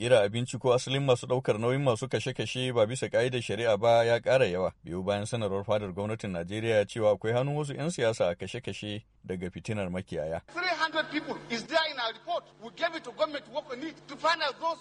kira abinci ko asalin masu daukar nauyin masu kashe-kashe ba bisa ka'idar shari'a ba ya ƙara yawa biyu bayan sanarwar fadar gwamnatin najeriya cewa akwai hannun wasu 'yan siyasa a kashe-kashe daga fitinar makiyaya. 300 people is there in our report. We gave to government to work on it to find out those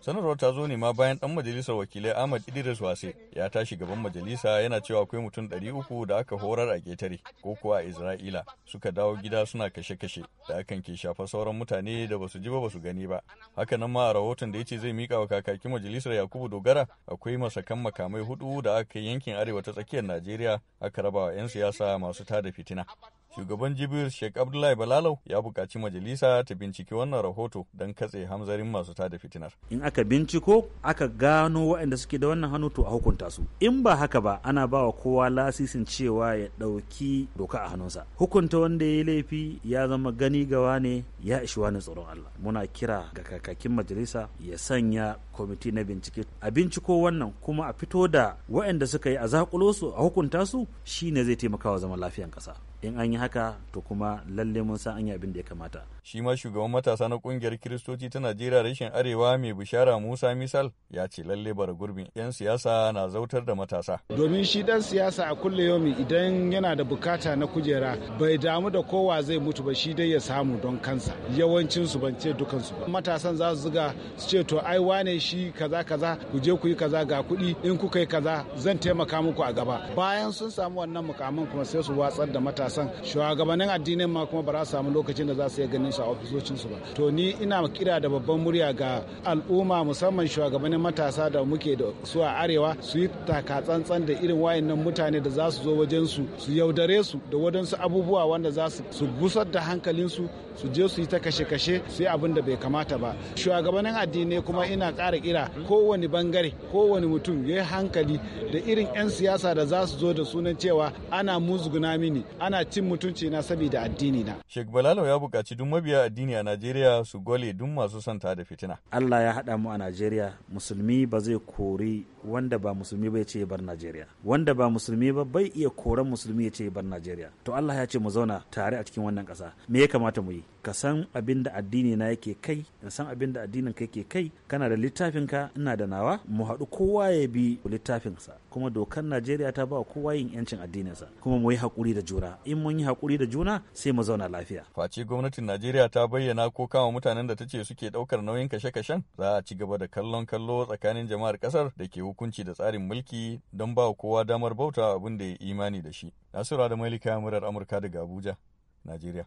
Sanarwar ta zo ne ma bayan dan majalisar wakilai Ahmad Idris Wase ya tashi gaban majalisa yana cewa akwai mutum 300 da aka horar a ƙetare ko kuwa a Isra'ila suka dawo gida suna kashe-kashe da hakan ke shafa sauran mutane da ba su ji ba su gani ba. haka nan ma a rahoton da ya ce zai mika wa kakakin majalisar Yakubu Dogara akwai masakan makamai hudu da aka yankin arewa ta tsakiyar Najeriya aka rabawa 'yan siyasa masu tada fitina Shugaban Jibir Sheikh Abdullahi Balalau ya buƙaci majalisa ta binciki wannan rahoto don katse hamzarin masu tada fitinar. In aka binciko aka gano waɗanda suke da wannan hannu to a hukunta su. In ba haka ba ana ba wa kowa lasisin cewa ya ɗauki doka a hannunsa. Hukunta wanda ya yi laifi ya zama gani gawa ne ya ishi wani tsoron Allah. Muna kira ga kakakin majalisa ya sanya kwamiti na bincike. A binciko wannan kuma a fito da waɗanda suka yi a zakulo su a hukunta su shine zai taimaka wa zaman lafiyan ƙasa. In an yi yi haka to kuma lalle mun san an abin da ya kamata shi ma shugaban matasa na kungiyar kiristoci ta najeriya rashin arewa mai bishara musa misal ya ce lalle bara gurbin yan siyasa na zautar da matasa domin shi dan siyasa a kulle yomi idan yana da bukata na kujera bai damu da kowa zai mutu ba shi dai ya samu don kansa yawancin su ban ce dukan su matasan za su zuga su ce to ai wane shi kaza kaza ku je ku yi kaza ga kuɗi in kuka yi kaza zan taimaka muku a gaba bayan sun samu wannan mukamin kuma sai su watsar da matasan shugabannin addinin ma kuma ba za su samu lokacin da za su iya ganin su a su ba to ni ina kira da babban murya ga al'umma musamman shugabannin matasa da muke da su a arewa su yi taka tsantsan da irin wayannan mutane da za su zo wajen su su yaudare su da wadansu abubuwa wanda za su gusar da hankalinsu su je su yi ta kashe-kashe su yi abin da bai kamata ba shugabannin addinai kuma ina ƙara kira kowane bangare kowane mutum ya yi hankali da irin 'yan siyasa da za su zo da sunan cewa ana muzguna mini ana cin mutunci na saboda addini na. Sheikh Balalo ya buƙaci duk mabiya addini a Najeriya su gwale duk masu santa da fitina. Allah ya haɗa mu a Najeriya musulmi ba zai kori wanda ba musulmi ba ya ce bar Najeriya. Wanda ba musulmi ba bai iya koran musulmi ya ce bar Najeriya. To Allah ya ce mu zauna tare a cikin wannan ƙasa. Me ya kamata mu yi? Ka san abin da addini na yake kai, in san abin da addinin ka yake kai, kana da littafinka ina da nawa, mu haɗu kowa ya bi littafinsa. Kuma dokar Najeriya ta ba kowa yin 'yancin addininsa. Kuma mu yi haƙuri da jura In mun yi haƙuri da juna sai mu zauna lafiya. Face gwamnatin Najeriya ta bayyana ko kama mutanen da ta ce suke ɗaukar nauyin kashe-kashen za a ci gaba da kallon kallo tsakanin jama'ar ƙasar da ke hukunci da tsarin mulki don ba kowa damar bauta abin da ya imani da shi. Nasiru da Malika Murar Amurka daga Abuja, Najeriya.